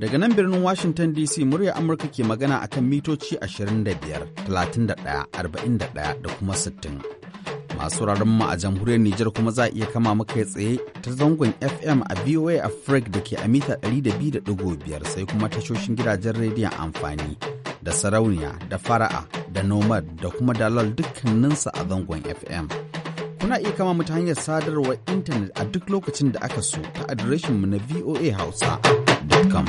Daga nan birnin Washington DC murya Amurka ke magana akan mitoci 25, 31, 41 da kuma 60. Masu wuraren mu a jamhuriyar Nijar kuma za a iya kama muka tsaye ta zangon FM a VOA Africa da ke a mita 200.5 sai kuma tashoshin gidajen rediyon amfani da sarauniya da fara'a da nomad da kuma dalal dukkaninsa a zangon FM. Kuna iya kama mu ta hanyar sadarwar intanet a duk lokacin da aka so ta adireshinmu na voa hausa. amurka.com.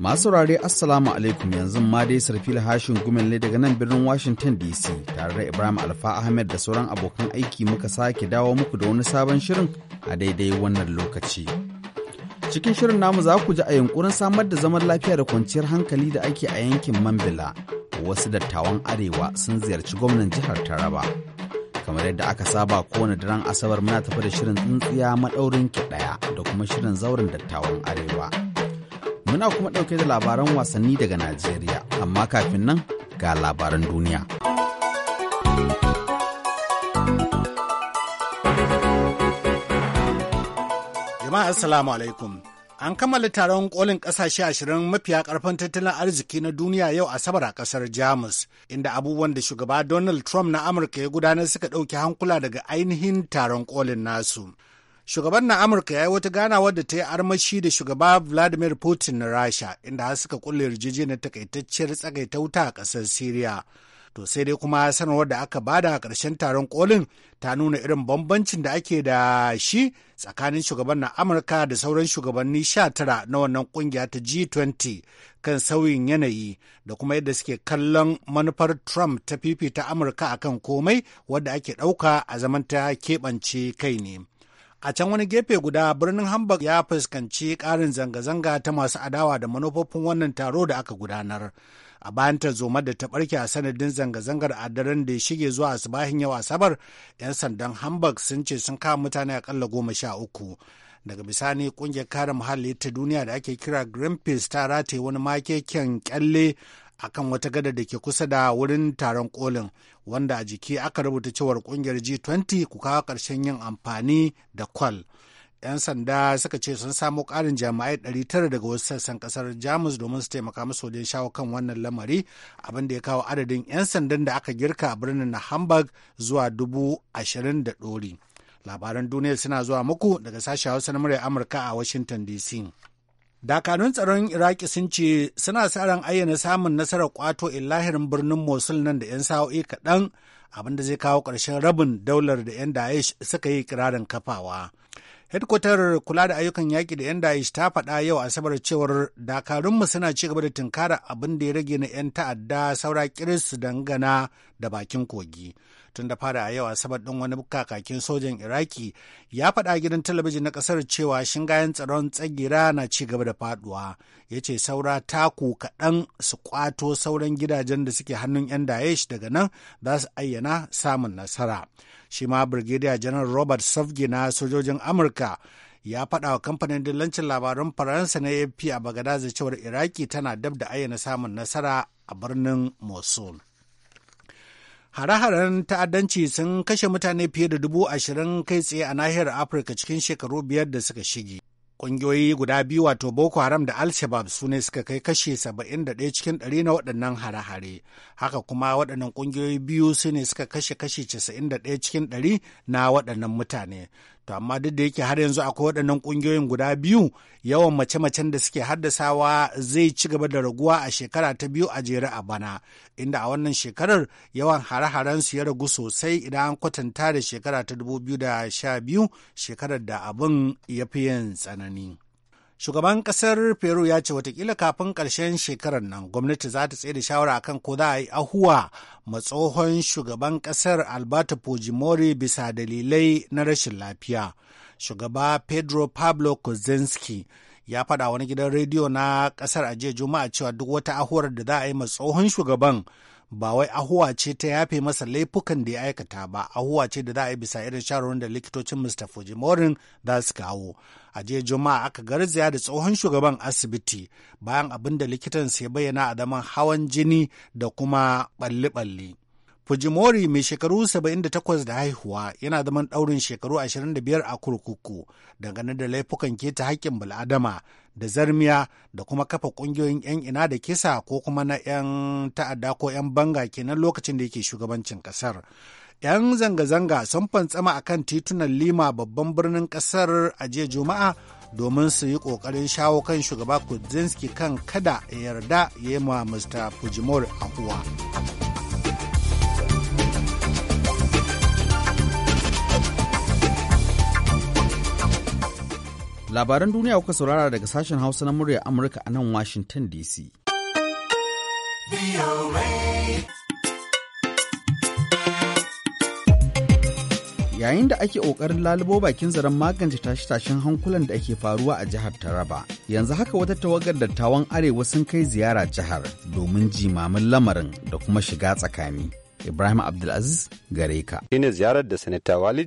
Masu saurare Assalamu alaikum yanzu ma dai sarfil hashin gumin daga nan birnin Washington DC tare da Ibrahim Alfa Ahmed da sauran abokan aiki muka sake dawo muku da wani sabon shirin a daidai wannan lokaci. Cikin shirin namu za ku ji a yunkurin samar da zaman lafiya da kwanciyar hankali da ake a yankin Mambila. Wasu dattawan Arewa sun ziyarci gwamnan jihar Taraba. kamar yadda aka saba kowane daren asabar muna tafi da shirin tsintsiya maɗaurin ki ɗaya da kuma shirin zauren dattawan arewa muna kuma ɗauke da labaran wasanni daga najeriya amma kafin nan ga labaran duniya jama'a assalamu alaikum An kammala taron kolin kasashe ashirin mafiya karfin tattalin arziki na duniya yau Asabar a kasar Jamus, inda abubuwan da shugaba Donald Trump na Amurka ya gudanar suka ɗauki hankula daga ainihin taron kolin nasu. Shugaban na Amurka ya yi wata ganawa da ta yi armashi da shugaba Vladimir Putin na Rasha, inda har suka kulle yarjejeniyar takaitacciyar tsagaita wuta a ƙasar Siriya. to sai dai kuma sanarwar da aka bada a ƙarshen taron kolin ta nuna irin bambancin da ake da shi tsakanin shugaban na amurka da sauran shugabanni 19 na wannan kungiya ta g20 kan sauyin yanayi da kuma yadda suke kallon manufar trump ta fifita amurka a kan komai wadda ake ɗauka a zaman ta keɓance kai ne a can wani gefe guda birnin hamburg ya fuskanci ƙarin zanga-zanga ta masu adawa da manufofin wannan taro da aka gudanar a bayan ta tarzoma da ta barke a sanadin zanga-zangar a daren da ya shige zuwa asibahin yau asabar 'yan sandan hamburg sun ce sun kama mutane akalla goma sha uku daga bisani kungiyar kare muhalli ta duniya da ake kira greenpeace ta rataye wani makeken kyalle akan wata gada da ke kusa da wurin taron kolin wanda a jiki aka rubuta cewar kungiyar g20 ku kawo karshen yin amfani da kwal. 'yan sanda suka ce sun samo ƙarin jami'ai 900 daga wasu sassan ƙasar jamus domin su taimaka musu wajen shawo kan wannan lamari abin da ya kawo adadin 'yan sandan da aka girka a birnin na hamburg zuwa dubu ashirin da dori labaran duniya suna zuwa muku daga sashen hausa na murya amurka a washington dc dakarun tsaron iraki sun ce suna sa ayyana samun nasarar kwato illahirin birnin mosul nan da 'yan sa'o'i kaɗan abin da zai kawo ƙarshen rabin daular da 'yan daesh suka yi kirarin kafawa Hedkwatar kula da ayyukan yaƙi da 'yan Daesh ta faɗa yau Asabar cewar dakarunmu suna ci gaba da tunkara abin da ya rage na 'yan ta'adda saura kiris su dangana da bakin kogi. tun da fara a yau asabar ɗin wani kakakin sojan iraki ya faɗa gidan talabijin na ƙasar cewa shingayen tsaron tsagira na ci gaba da faduwa ya ce saura taku kaɗan su kwato sauran gidajen da suke hannun 'yan daesh daga nan za su ayyana samun nasara shi ma brigadier general robert safgi na sojojin amurka ya faɗa wa kamfanin dillancin labarun faransa na afp a bagadaza cewar iraki tana dab da ayyana samun nasara a birnin mosul Hare-haren ta'addanci sun kashe mutane fiye da dubu ashirin kai tsaye a nahiyar Afirka cikin shekaru biyar da suka shige. Ƙungiyoyi guda biyu wato Boko Haram da Al-Shabaab su ne suka kai kashe saba'in da ɗaya cikin ɗari na waɗannan hare-hare. Haka kuma waɗannan ƙungiyoyi biyu su ne suka kashe kashe casa'in da ɗaya cikin ɗari na waɗannan mutane. to amma duk da yake har yanzu akwai waɗannan ƙungiyoyin guda biyu yawan mace-macen da suke haddasawa zai ci gaba da raguwa a shekara ta biyu a jere a bana inda a wannan shekarar yawan hare-haren su ya ragu sosai idan an kwatanta da shekara ta 2012 shekarar da abin ya fi yin tsanani. Shugaban kasar Peru ya ce watakila kafin karshen shekarar nan gwamnati za ta tsaye da shawara akan ko za a yi ahuwa ma tsohon shugaban kasar Alberto Fujimori bisa dalilai na rashin lafiya. Shugaba Pedro Pablo Kuczynski ya faɗa wani gidan rediyo na kasar a jiya Juma'a cewa duk wata ahuwar da za a yi tsohon shugaban ba wai ahuwa ce ta yafe masa laifukan da ya aikata ba ahuwa ce da za a yi bisa irin shawarwarin da likitocin Mr. Fujimorin za su kawo. A jiya Juma'a aka garzaya da tsohon shugaban asibiti bayan abin da likitan ya bayyana a zaman hawan jini da kuma balle-balle. Fujimori mai shekaru 78 da haihuwa yana zaman ɗaurin shekaru 25 a kurkuku dangane da laifukan keta haƙƙin bil'adama da zarmiya da kuma kafa ƙungiyoyin 'yan ina da kisa ko kuma na 'yan ta'adda ko 'yan banga kenan lokacin da yake shugabancin ƙasar. 'Yan zanga-zanga sun fantsama a kan titunan Lima babban birnin ƙasar a jiya Juma'a domin su yi ƙoƙarin shawo kan shugaba kudzinski kan kada ya yarda ya yi ma Mr. Fujimori ahuwa. Labaran duniya kuka saurara daga sashen Hausa na murya Amurka a nan Washington DC. Yayin da ake ƙoƙarin lalubo bakin zaren magance tashe-tashen hankulan da ake faruwa a jihar Taraba, yanzu haka wata tawagar dattawan Arewa sun kai ziyara jihar domin jimamin lamarin da kuma shiga tsakani. Ibrahim Abdulaziz gare ka. ziyarar da Sanata Wali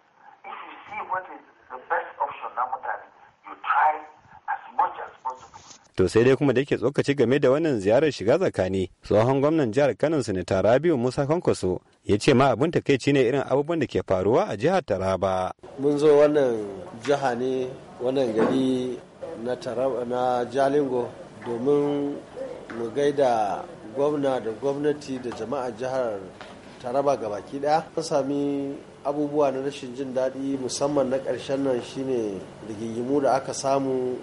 to sai dai kuma da yake tsokaci game da wannan ziyarar shiga tsakani tsohon gwamnan jihar kano sanata rabiu musa kwankwaso ya ce ma abin takaici ne irin abubuwan da ke faruwa a jihar taraba mun zo wannan jiha ne wannan gari na taraba na jalingo domin mu gaida gwamna da gwamnati da jama'a jihar taraba gabaki daya sami abubuwa na rashin jin daɗi musamman na ƙarshen nan shine rigingimu da aka samu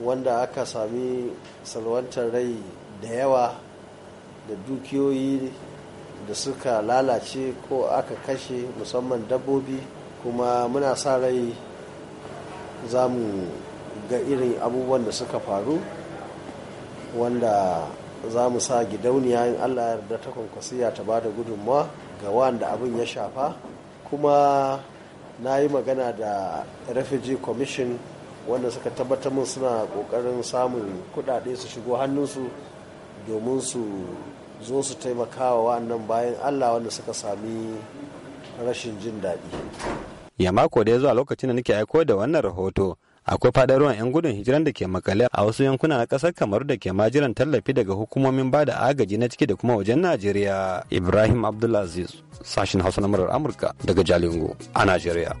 wanda aka sami salwantar rai da yawa da dukiyoyi da suka lalace ko aka kashe musamman dabbobi kuma muna sa rai za mu ga irin abubuwan da suka faru wanda za mu sa gidauniya in allah yarda ta kwankwasiya ta ba da gudunmawa ga wanda abin ya shafa kuma na yi magana da refugee commission wanda suka tabbatar min suna kokarin samun kudade su shigo hannunsu domin su zo su taimaka wa wannan bayan allah wanda suka sami rashin jin daɗi ya mako da ya zuwa lokacin da nake aiko da wannan rahoto akwai fadar ruwan 'yan gudun hijiran da ke makale a wasu yankuna na kasar kamaru da ke majiran tallafi daga hukumomin ba da agaji na ciki da kuma wajen najeriya ibrahim abdulaziz sashen hausa na murar amurka daga jalingo a najeriya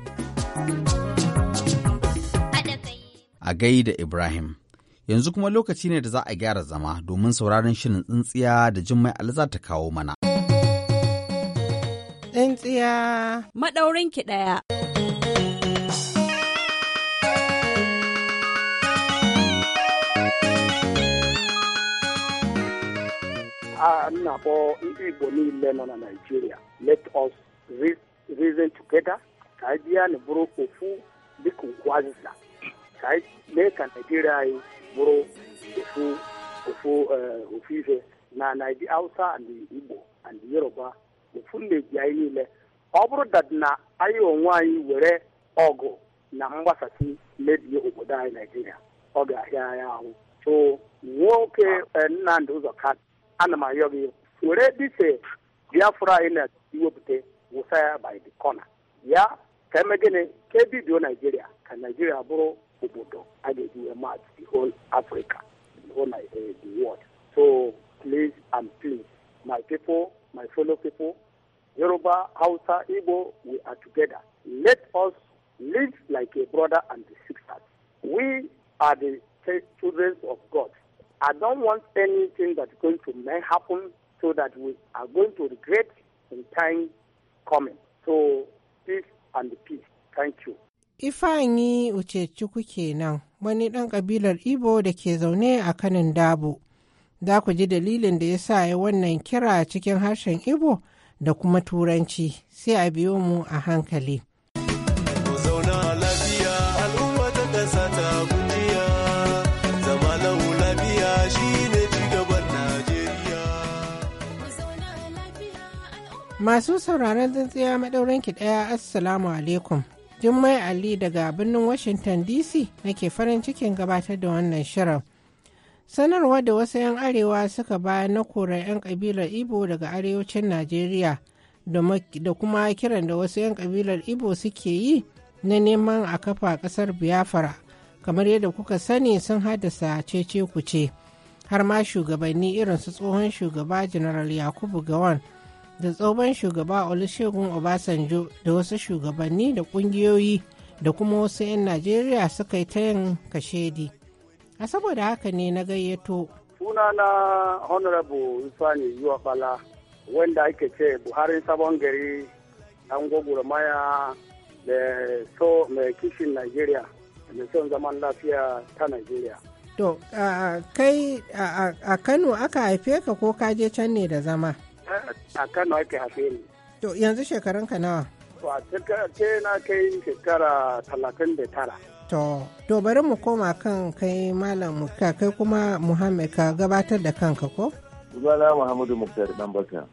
a da ibrahim yanzu kuma lokaci ne da za a gyara zama domin sauraron shirin tsintsiya da jimmai alza ta kawo mana tsintsiya maɗaurinki ɗaya m ndị Igbo niile nọ na Naịjirịa let us reason together ka anyị bịa na bụrụ ofu dịka ukwu azịza ka anyị mee ka Naịjirịa anyị bụrụ ofu ofu ofu ihe na Naịjirịa Hausa and Igbo and Yoruba ofu eji anyị niile ọ bụrụ dat na anyị onwe anyị were ọgụ na mgbasasị mebie obodo anyị Naịjirịa ọ ga-ahịa anyị ahụ so nwoke eh, Nnamdị Ụzọka ana m ayọ gị were dịte biafra anyị na-ewepụta wụsa by the corner ya ka eme gịnị ka ebidio naijiria ka naijiria bụrụ obodo a ga-eji wee mat the whole africa the whole uh, the world so please and please my people my fellow people yoruba hausa igbo we are together let us live like a brother and the sisters we are the children of god I don't want anything that's going to may happen so that we are going to regret in time coming. So peace and peace. Thank you. cuku Uchechukwu kenan wani ɗan ƙabilar Igbo da ke zaune a kanin Dabo. Za ku ji dalilin da ya sa ya wannan kira cikin harshen Igbo da kuma Turanci sai a biyo mu a hankali. Masu sauraron tsintsiya ki ɗaya Assalamu alaikum. Jummai Ali daga birnin Washington DC nake farin cikin gabatar da wannan shirin. Sanarwa da wasu 'yan arewa suka bayan na korar 'yan kabilar ibo daga arewacin Najeriya da kuma kiran da wasu 'yan kabilar ibo suke yi na neman a kafa ƙasar Biafra. Kamar yadda kuka sani sun haddasa cece kuce. Har ma shugabanni irin su tsohon shugaba General Yakubu Gawan. da tsohon shugaba olusegun obasanjo da wasu shugabanni da kungiyoyi da kuma wasu 'yan najeriya suka yi ta yin kashedi a saboda haka ne na gayyato suna na honorable Yuwa Bala, wanda ake ce buhari sabon gari dan maya da so mai kishin najeriya da son zaman lafiya ta najeriya to kai a kano aka haife ka ko ka je can ne da zama a Kano ake haife ni. To yanzu shekarun ka nawa? To a ce na kai shekara talatin da tara. To, to bari mu koma kan kai Malam Mukta kai kuma Muhammad ka gabatar da kanka ko? Zuwa Muhammadu Muktar dan baka.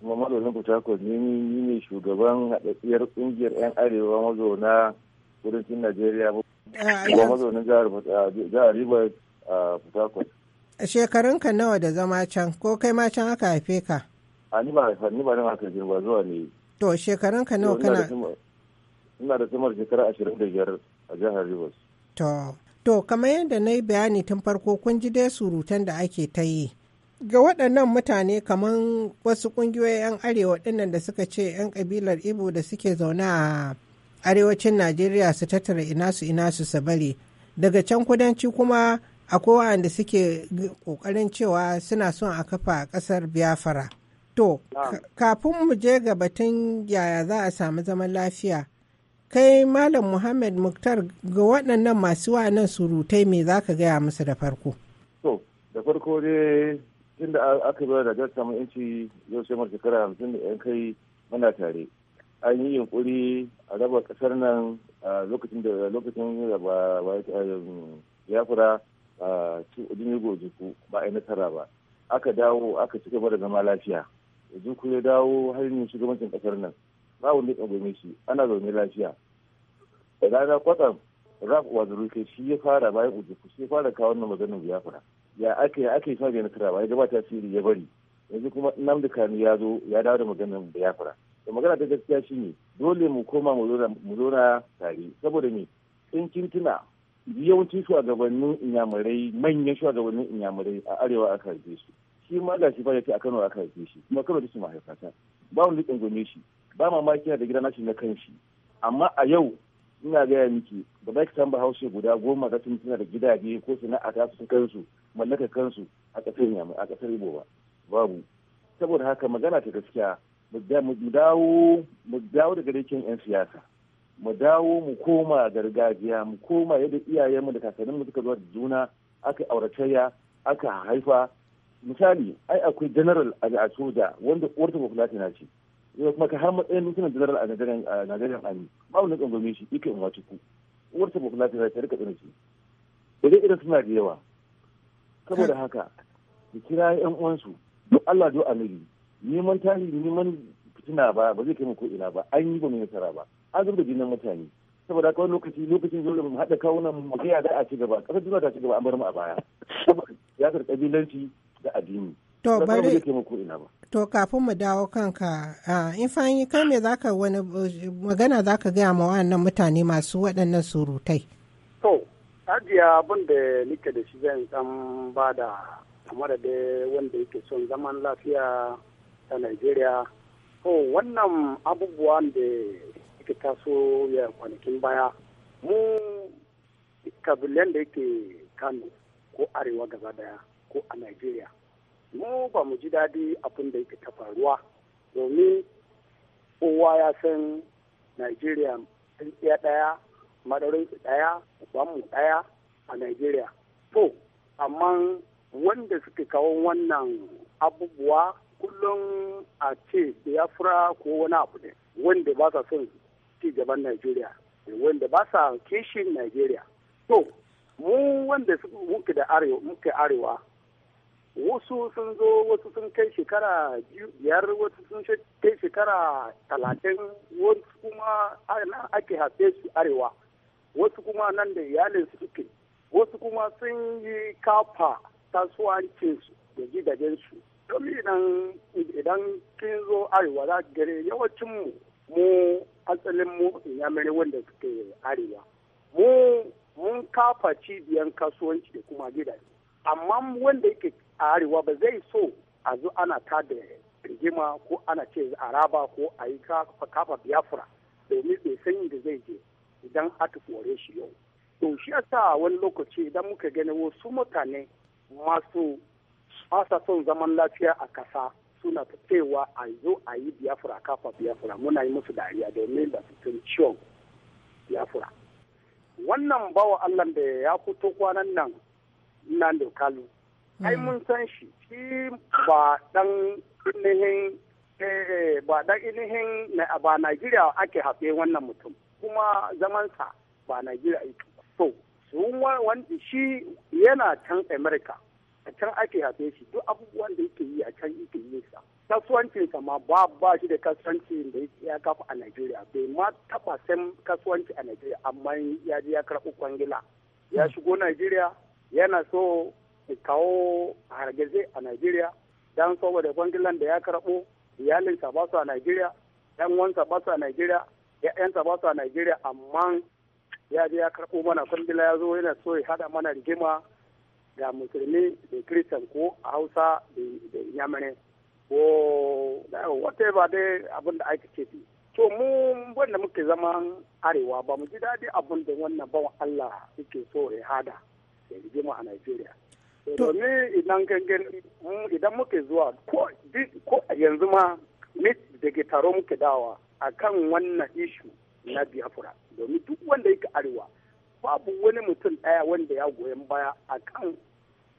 kuma mazaunin Port ne ni ne shugaban haɗaɗɗiyar ƙungiyar 'yan arewa mazauna kudancin Najeriya kuma mazaunin jihar Rivers a Port Shekarunka nawa da zama can ko kai ma can aka haife ka? ni ba ni ba haka ba zuwa ne to shekarun ka nawa kana ina da samar shekara ashirin da biyar a jihar Rivers to to kamar yadda na yi bayani tun farko kun ji dai surutan da ake ta yi ga waɗannan mutane kamar wasu ƙungiyoyin 'yan arewa ɗinnan da suka ce 'yan ƙabilar ibo da suke zaune a arewacin najeriya su tattara ina su ina su bari daga can kudanci kuma akwai wa'anda suke ƙoƙarin cewa suna son a kafa ƙasar biafra To, kafin mu je ga batun yaya za a samu zaman lafiya, kai Malam Muhammad Muktar ga waɗannan masu nan surutai me za ka gaya musu da farko? To, da farko dai tunda aka bayar da jar samun yanci yau sai mar shekara hamsin da yan kai muna tare. An yi yunkuri a raba kasar nan lokacin da lokacin da ba ya fura a cikin ba a yi nasara ba. Aka dawo aka ci gaba da zama lafiya. ya ya dawo harin shugabancin kasar nan ba wanda ya tsangwame shi ana zaune lafiya da rana kwatsam rap wazuruke shi ya fara bayan ujuku shi ya fara kawo wannan maganin biyafura ya ake ya ake na kira ba ya gabata tasiri ya bari yanzu kuma namdi Kanu ya zo ya dawo da maganin biyafura da magana ta gaskiya ne dole mu koma mu zona tare saboda me in kin tuna yawancin shugabannin inyamurai manyan shugabannin inyamurai a arewa aka haife su shi ma da shi ba yake a Kano aka haife shi kuma Kano su mahaifa ta ba wani gome shi ba mamaki yana da gida nashi na kanshi amma a yau ina gaya miki ba za ki san ba haushe guda goma da tun tana da gidaje ko sana'a ta su kansu mallaka kansu a kasar yamma a kasar Ibo ba babu saboda haka magana ta gaskiya mu dawo mu dawo daga dakin yan siyasa mu dawo mu koma gargajiya mu koma yadda iyayenmu da kakanninmu suka zo da juna aka auratayya aka haifa misali ai akwai general a soja wanda uwarta bafulata na ce kuma ka har matsayin mutunan general a Nigerian Army ba wani tsangwame shi ike in wace ku uwarta bafulata na ta rika tsina ce idan suna da yawa saboda haka da kira yan uwansu duk Allah do amiri neman tarihi neman fitina ba ba zai kai mu ko ba an yi ba mu nasara ba an da jinin mutane saboda kawai lokaci lokacin zuwa mu haɗa kawunan mu ga ya da a ci gaba ƙasar duniya ta ci gaba an bar mu a baya siyasar kabilanci da addini to bari to kafin mu dawo kanka in fahimci kai me zaka wani magana zaka gaya ma wa'annan mutane masu waɗannan surutai to ajiya abin da nike da shi zan dan bada da kamar da wanda yake son zaman lafiya ta Najeriya to wannan abubuwan da yake taso ya kwanakin baya mu kabilan da yake Kano ko arewa gaba daya ko a Najeriya. Mu ba mu ji daɗi abin da yake ta faruwa domin kowa ya san Najeriya tsintsiya ɗaya, madarin ɗaya, mu ɗaya a Najeriya. To, amma wanda suke kawo wannan abubuwa kullum a ce Biafra ko wani abu ne wanda ba sa son ci gaban Najeriya, wanda ba sa kishin Najeriya. To, mu wanda muke da arewa arewa wasu sun zo wasu sun kai shekara biyar wasu sun kai shekara talatin wasu kuma nan ake hafe su arewa wasu kuma nan da iyalin su suke wasu kuma sun yi kafa su da su domin idan kin zo arewa za ka gare yawancin mu mu asalin mu inyamurai wanda suke arewa mu mun kafa cibiyan kasuwanci da kuma gidaje amma wanda yake a arewa ba zai so a zo ana ta da rigima ko ana ce araba ko a yi kafa biyafura domin bai sanyi da zai je idan aka kore shi yau to shi yasa wani lokaci idan muka gani wasu mutane masu fasa son zaman lafiya a kasa suna ta cewa a zo a yi biyafura kafa biyafura muna yi musu dariya domin ba su tun ciwon biyafura wannan bawa allah da ya fito kwanan nan nan da ai hmm. mun san shi shi ba dan inihin eh, ba dan inihin ba Najeriya ake hafe wannan mutum kuma zamansa ba Najeriya yake to su wanda shi yana can America a can ake hafe shi duk abubuwan da yake yi a can yake yi sa kasuwancinsa ma ba ba shi da kasuwanci da ya kafa a Najeriya bai ma taba san kasuwanci a Najeriya amma ya ji ya karɓi kwangila ya shigo Najeriya yana so kawo hargitsi a Najeriya dan saboda kwangilan da ya karɓo iyalinsa ba su a Najeriya yan wansa ba a Najeriya ya'yansa ba su a Najeriya amma ya je ya karɓo mana kwangila ya zo yana so ya hada mana rigima ga musulmi da kiristan ko a hausa da yamane ko whatever dai abin da ake ce to mu wanda muke zaman arewa ba mu ji daɗi abin da wannan bawan Allah suke so ya hada da rigima a Najeriya. ni idan kankan idan muke zuwa ko yanzu ma ni ke taro muke dawa akan wannan ishu na biafra domin duk wanda yake arewa babu wani mutum ɗaya wanda ya goyon baya a akan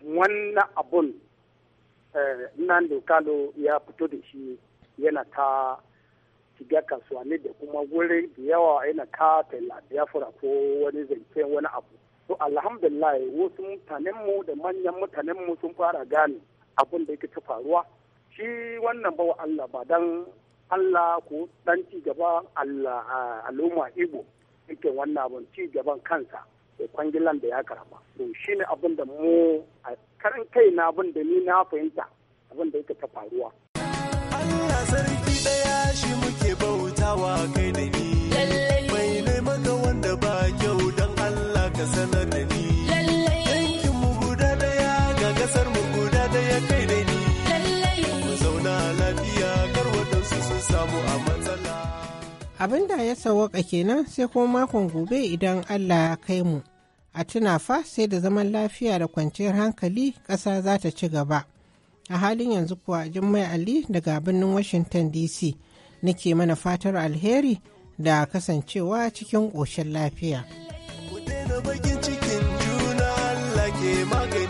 wannan abun eh, nan lokalo ya fito da shi yana ta shiga kasuwanni da kuma wurin da yawa yana ta biafra ko wani zancen wani abu to alhamdulillah wasu mutanenmu da manyan mutanen mu sun fara gane abin da yake ta faruwa shi wannan bawa Allah ba dan Allah ko dan ci gaba Allah al'umma Igbo yake wannan abin ci gaban kansa da kwangilan da ya karama to shine abin da mu a karan kai na abin da ni na fahimta abin da yake ta faruwa Allah sarki daya shi muke bautawa kai da ni abin da ya sawaka kenan sai kuma makon gobe idan allah ya kai mu a tuna fa sai da zaman lafiya da kwanciyar hankali ƙasa za ta ci gaba a halin yanzu kuwa jummai ali daga birnin washington dc nake mana fatar alheri da kasancewa cikin koshin lafiya. Ku cikin juna Allah ke magani.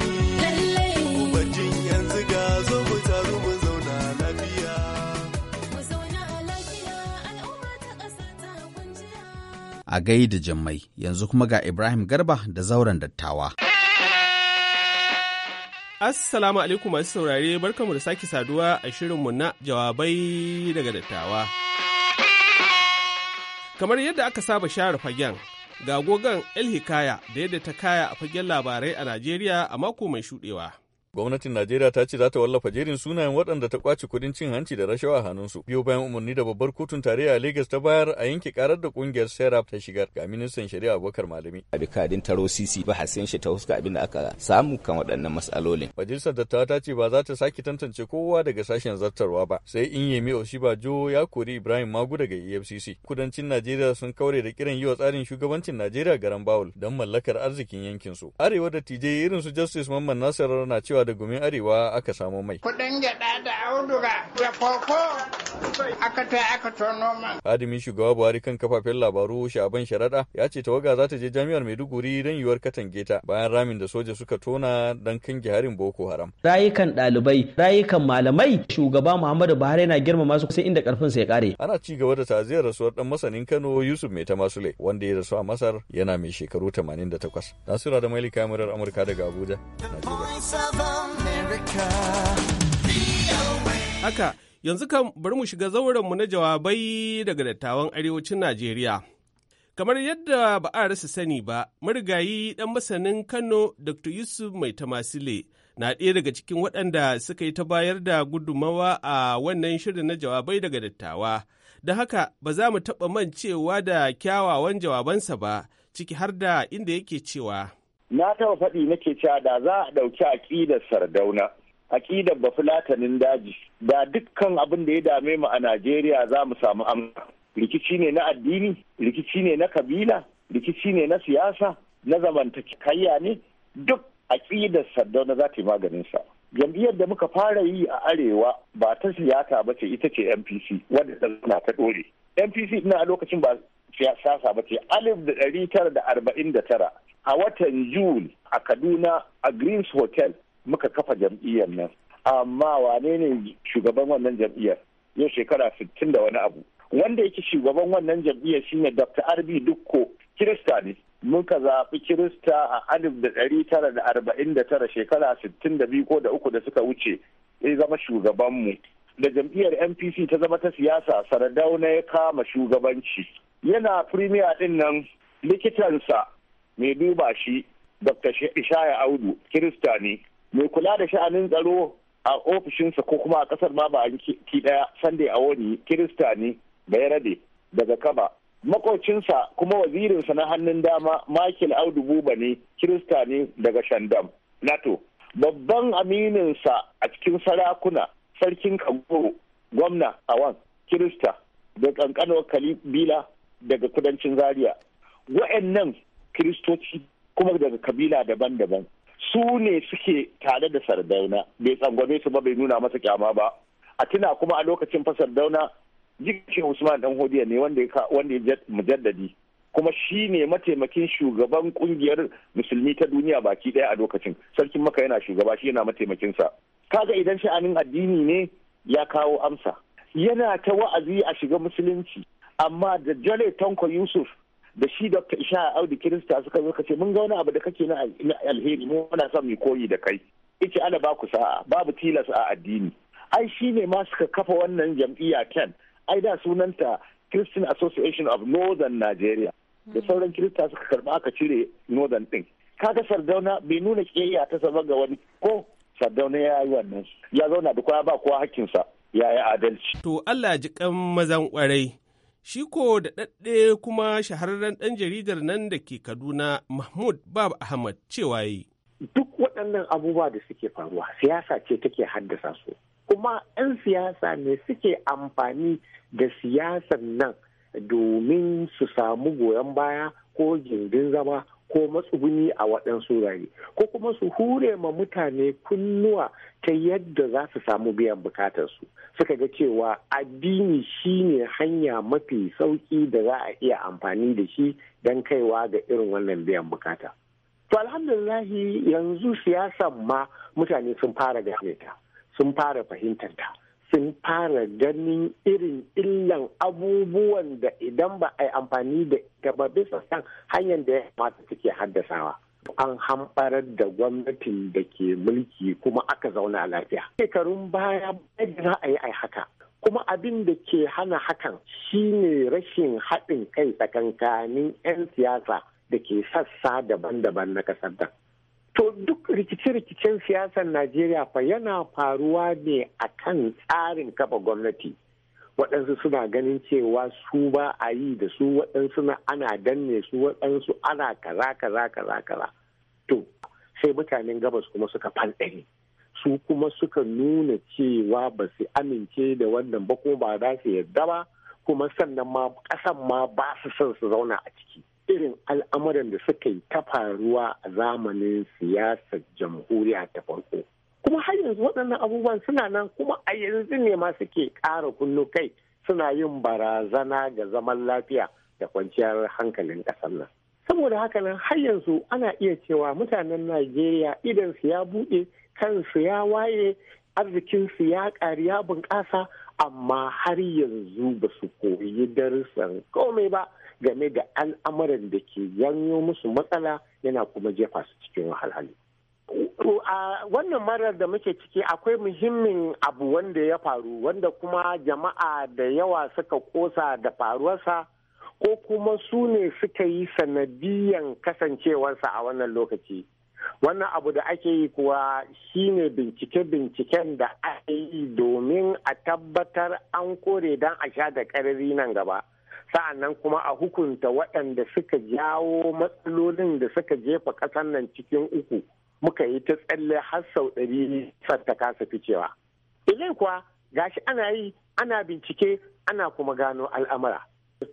a da jammai yanzu kuma ga Ibrahim Garba da zauren dattawa. Assalamu alaikum masu saurare barkamu da sake saduwa a shirinmu na jawabai daga dattawa. Kamar yadda aka saba share fagen, ga gogon El Hikaya da yadda ta kaya a fagen labarai a Najeriya a mako mai shuɗewa. Gwamnatin Najeriya ta ce za ta wallafa jerin sunayen waɗanda ta kwace kudin cin hanci da rashawa a hannunsu. Biyo bayan umarni da babbar kotun tarayya a Legas ta bayar a yanke karar da kungiyar Serap ta shigar ga ministan shari'a Abubakar Malami. Abi kadin taro sisi ba hasin shi ta huska abin da aka samu kan waɗannan matsalolin. Majalisar dattawa ta ce ba za ta sake tantance kowa daga sashen zartarwa ba. Sai in Yemi jo ya kori Ibrahim Magu daga EFCC. Kudancin Najeriya sun kaure da kiran yi wa tsarin shugabancin Najeriya garan bawul don mallakar arzikin yankinsu. Arewa da irin su Justice Mamman Nasarar na cewa da gumin arewa aka samo mai. Kudin gyada da auduga da koko aka ta aka tono man. Adimi shugaba Buhari kan kafafen labaru Shaban sharada ya ce tawaga za ta je jami'ar Maiduguri don yiwuwar katange ta bayan ramin da soja suka tona don kan harin Boko Haram. Rayukan ɗalibai, rayukan malamai, shugaba Muhammadu Buhari yana girmama su sai inda ƙarfinsa ya kare Ana ci gaba da taziyar rasuwar dan masanin Kano Yusuf Mai Tamasule wanda ya rasu a Masar yana mai shekaru 88. Nasira da maili kamarar Amurka daga Abuja, Najeriya. Haka, yanzu kan bari mu shiga zaurenmu na jawabai daga dattawan arewacin Najeriya. Kamar yadda ba a rasa sani ba, marigayi ɗan masanin Kano Dr. Yusuf Mai Tamasile na ɗaya daga cikin waɗanda suka yi ta bayar da gudummawa a wannan shirin na jawabai daga dattawa. Da haka ba za mu taɓa mancewa da kyawawan jawabansa ba, ciki har da inda yake cewa. na taɓa faɗi nake cewa da za a ɗauki aƙidar sardauna aƙidar bafulatanin daji da dukkan abin da ya dame mu a najeriya za mu samu amsa rikici ne na addini rikici ne na kabila rikici ne na siyasa na zamantakayya ne duk aƙidar sardauna za ta yi maganinsa jam'iyyar da muka fara yi a arewa ba ta siyasa ba ce ita ce npc wadda ta ta ɗore MPC ina a lokacin ba siyasa ba ce alif da ɗari tara da arba'in da tara a watan Jun a Kaduna a Greens Hotel muka kafa jam'iyyar nan. Amma wane ne shugaban wannan jam'iyyar? ya shekara sittin da wani abu. Wanda yake shugaban wannan jam'iyyar shine Dr. Arbi Dukko Kirista ne. Muka zaɓi Kirista a alif da ɗari tara da arba'in da tara shekara sittin da biyu ko da uku da suka wuce. Ya zama shugabanmu. Da jam'iyyar NPC ta zama ta siyasa na ya kama shugabanci. yana firimiya din nan likitansa mai duba shi dr ishaya audu kirista ne mai kula da sha'anin tsaro a ofishinsa ko kuma a kasar ma ba ki daya sande a wani kirista ne bai rade daga kaba makocinsa kuma wazirinsa na hannun dama michael audu buba ne kirista ne daga shandam nato babban amininsa a cikin sarakuna sarkin kagoro gwamna awan kirista da kankanuwar kalibila daga kudancin zaria wa'annan kiristoci kuma daga kabila daban-daban su ne suke tare da sardauna bai tsangwame su ba bai nuna masa kyama ba a tuna kuma a lokacin fa sardauna jikin usman dan hodiya ne wanda ya mujaddadi kuma shi ne mataimakin shugaban kungiyar musulmi ta duniya baki daya a lokacin sarkin maka yana shugaba shi yana mataimakinsa kaga idan sha'anin addini ne ya kawo amsa yana ta wa'azi a shiga musulunci amma da jole tanko yusuf da shi dr isha audi kirista suka zo ce mun ga wani abu da kake na alheri mu muna son mu koyi da kai ice ala ba sa'a babu tilas a addini ai shi ne ma suka kafa wannan jam'iyya ken ai da sunanta christian association of northern nigeria da sauran kirista suka karba aka cire northern din kaga sardauna bai nuna kiyayya ta sama ga wani ko sardauna ya yi wannan ya zauna da kowa ba kowa hakkinsa ya yi adalci to allah ji kan mazan kwarai Shi ko da ɗaɗɗe kuma shahararren ɗan jaridar nan da ke Kaduna Mahmud Bab Ahmad cewa yi. Duk waɗannan abubuwa da suke faruwa siyasa ce take haddasa su. Kuma 'yan siyasa ne suke amfani da siyasar nan domin su samu goyon baya ko gindin zama ko matsuguni a waɗansu wurare ko kuma su hure ma mutane kunnuwa ta yadda za su samu biyan bukatarsu suka ga cewa addini shine hanya mafi sauƙi da za a iya amfani da shi don kaiwa ga irin wannan biyan bukata. To alhamdulillahi yanzu siyasan ma mutane sun fara gane ta sun fara fahimtar ta sun fara ganin irin illan abubuwan da idan ba a yi amfani da ba bisa san hanyar da ya kamata suke haddasawa. An hamɓarar da gwamnatin da ke mulki kuma aka zauna lafiya. Shekarun baya yadda za a yi ai haka. Kuma abin da ke hana hakan shine rashin haɗin kai tsakankanin 'yan siyasa da ke sassa daban-daban na ƙasar dan. To duk rikice-rikicen siyasar Najeriya fa yana faruwa ne a kan tsarin kafa gwamnati. Waɗansu suna ganin cewa su ba a yi da su waɗansu na ana danne su waɗansu ana kaza kaza kaza kaza. To sai mutanen gabas kuma suka fanɗari. Su kuma suka nuna cewa ba su amince da wannan ba ko ba za su yarda ba kuma sannan ma ƙasan ma ba su son su zauna a ciki. irin al'amuran da suka yi ta faruwa a zamanin siyasar jamhuriya ta farko kuma har yanzu waɗannan abubuwan suna nan kuma a yanzu ne ma suke ƙara kunnu kai suna yin barazana ga zaman lafiya da kwanciyar hankalin ƙasar nan saboda haka nan har yanzu ana iya cewa mutanen najeriya idan su ya buɗe kansu ya waye arzikinsu ya ƙari ya bunƙasa amma har yanzu ba su koyi darussan komai ba game da al'amuran da ke janyo musu matsala yana kuma jefa su cikin wahalhali. a wannan marar da muke ciki akwai muhimmin abu wanda ya faru wanda kuma jama'a da yawa suka kosa da faruwarsa ko kuma su ne suka yi sanadiyan kasancewarsa a wannan lokaci wannan abu da ake yi kuwa shine bincike-binciken da ake yi domin a tabbatar an kore don a sha da ƙarari nan gaba. sa'annan kuma a hukunta waɗanda suka jawo matsalolin da suka jefa ƙasar nan cikin uku muka yi ta tsalle har sau ɗari ta kasa ficewa. Ilai kuwa gashi ana yi ana bincike ana kuma gano al'amura.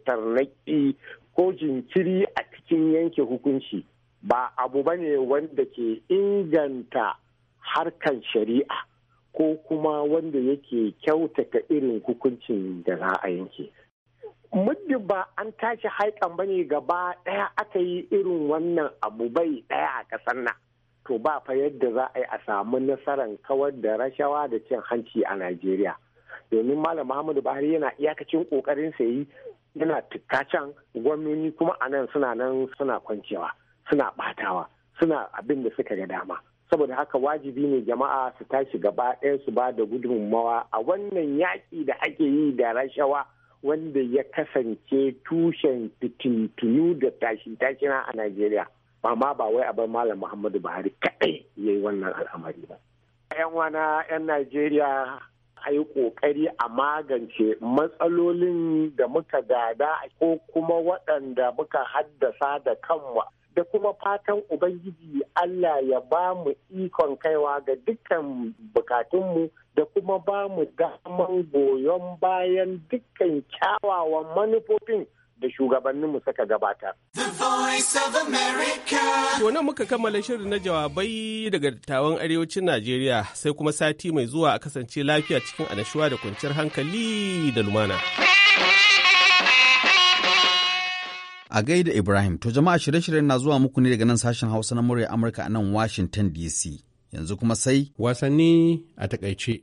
Tarnaƙi ko jinkiri a cikin yanke hukunci ba abu ba ne wanda ke inganta harkan shari'a ko kuma wanda yake kyautata irin hukuncin da za a yanke. muddin ba an tashi haikan ba ne gaba ɗaya aka yi irin wannan abu bai ɗaya a ƙasar nan to ba fa yadda za a yi a samu nasarar kawar da rashawa da cin hanci a najeriya domin malam muhammadu buhari yana iyakacin sa yi, yana tukacen gwamnoni kuma a nan suna nan suna kwancewa suna ɓatawa suna abin da suka ga dama saboda haka wajibi ne jama'a su tashi gaba ɗaya su ba da gudunmawa a wannan yaƙi da ake yi da rashawa wanda ya kasance tushen fitintunu da tashin tashina a Najeriya ba ma ba wai a bar Malam Muhammadu Buhari kaɗai ya yi wannan al'amari ba. 'Yan wana 'yan Najeriya a yi ƙoƙari a magance matsalolin da muka gada ko kuma waɗanda muka haddasa da kanwa da kuma fatan Ubangiji Allah ya ba mu ikon kaiwa ga dukkan bukatunmu da kuma ba mu daman goyon bayan dukkan kyawawan manufofin da shugabannin mu suka gabata To nan muka kammala shirin na jawabai daga dattawan arewacin Najeriya sai kuma sati mai zuwa a kasance lafiya cikin anashuwa da kwanciyar hankali da lumana. A gaida Ibrahim, to jama'a shirye-shiryen na zuwa muku ne daga nan sashen Hausa na murya Amurka a nan Washington DC. yanzu kuma sai wasanni a takaice.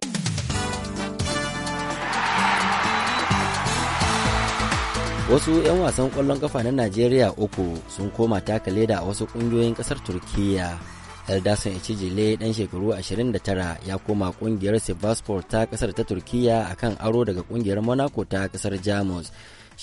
Wasu 'yan wasan ƙwallon kafa na Najeriya uku sun koma taka leda a wasu ƙungiyoyin ƙasar Turkiyya. Eldason Icijile ɗan shekaru 29 ya koma ƙungiyar Sevastopol ta ƙasar ta Turkiyya akan aro daga ƙungiyar Monaco ta ƙasar Jamus.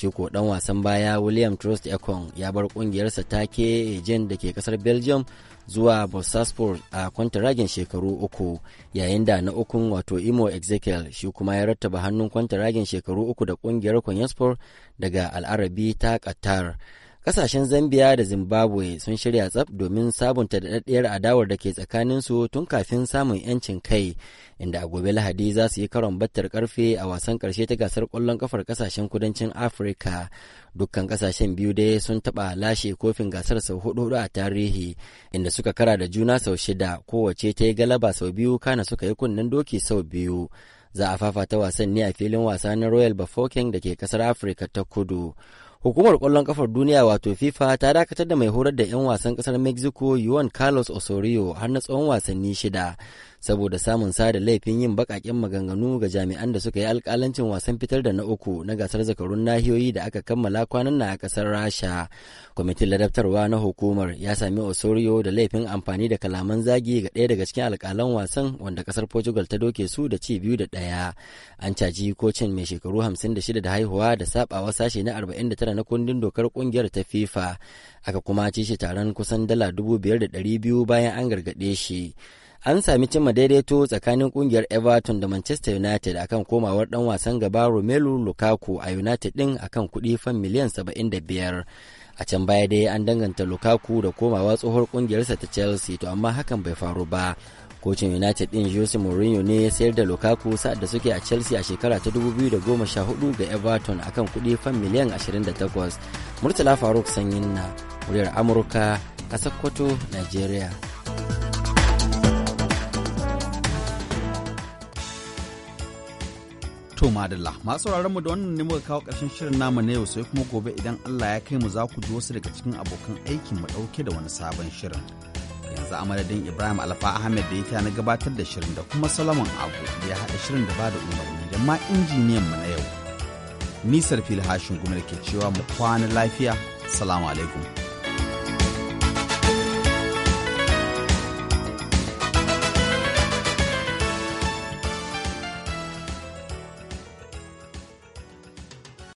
shi ko dan wasan baya william trust ekong ya bar kungiyarsa ta ke ejen da ke kasar belgium zuwa bursaspor a kwantaragin shekaru uku yayin da na ukun wato imo ezekiel shi kuma ya rattaba hannun kwantaragin shekaru uku da kungiyar konyaspor daga al'arabi ta qatar Kasashen Zambia da Zimbabwe sun shirya tsaf domin sabunta daɗaɗɗiyar adawar da ke tsakaninsu tun kafin samun 'yancin kai, inda a gobe Lahadi za su yi karon battar karfe a wasan karshe ta gasar kwallon kafar kasashen kudancin Afirka. Dukkan kasashen biyu dai sun taba lashe kofin gasar sau hudu a tarihi, inda suka kara da juna sau shida, kowace ta yi galaba sau biyu kana suka yi kunnen doki sau biyu. Za a fafata wasan ne a filin wasa na Royal Bafokeng da ke kasar Afirka ta kudu. Hukumar ƙwallon ƙafar duniya wato FIFA ta dakatar da mai horar da 'yan wasan ƙasar Mexico Juan Carlos Osorio har na tsawon wasanni shida saboda samun sada laifin yin bakakin maganganu ga jami'an da suka yi alkalancin wasan fitar da na uku na gasar zakarun nahiyoyi da aka kammala kwanan na a kasar rasha kwamitin ladabtarwa na hukumar ya sami osorio da laifin amfani da kalaman zagi ga ɗaya daga cikin alkalan wasan wanda kasar portugal ta doke su da ci biyu da ɗaya an caji kocin mai shekaru 56 da haihuwa da sabawa sashe na 49 na kundin dokar kungiyar ta fifa aka kuma ci shi taron kusan dala biyu bayan an gargaɗe shi an sami cimma daidaito tsakanin kungiyar everton da manchester united akan komawar dan wasan gaba romelu lukaku a united din akan kuɗi fan miliyan 75 a can baya dai an danganta lukaku da komawa tsohuwar kungiyarsa ta chelsea to amma hakan bai faru ba kocin united din jose mourinho ne ya sayar da lukaku sa'ad da suke a chelsea a shekara ta 2014 ga everton akan kuɗi fan miliyan 28 murtala faruk sanyin na muryar amurka a sokoto nigeria To madalla masu sauraron mu da wannan ne muka kawo ƙarshen shirin namu na yau sai kuma gobe idan Allah ya kai mu za ku ji wasu daga cikin abokan aikin mu ɗauke da wani sabon shirin. Yanzu amadadin Ibrahim Alfa Ahmed da yake na gabatar da shirin da kuma Solomon Abu da ya haɗa shirin da bada umarni da ma injiniyan mu na yau. Nisar Fil Hashin Gumar ke cewa mu kwana lafiya. Salamu alaikum.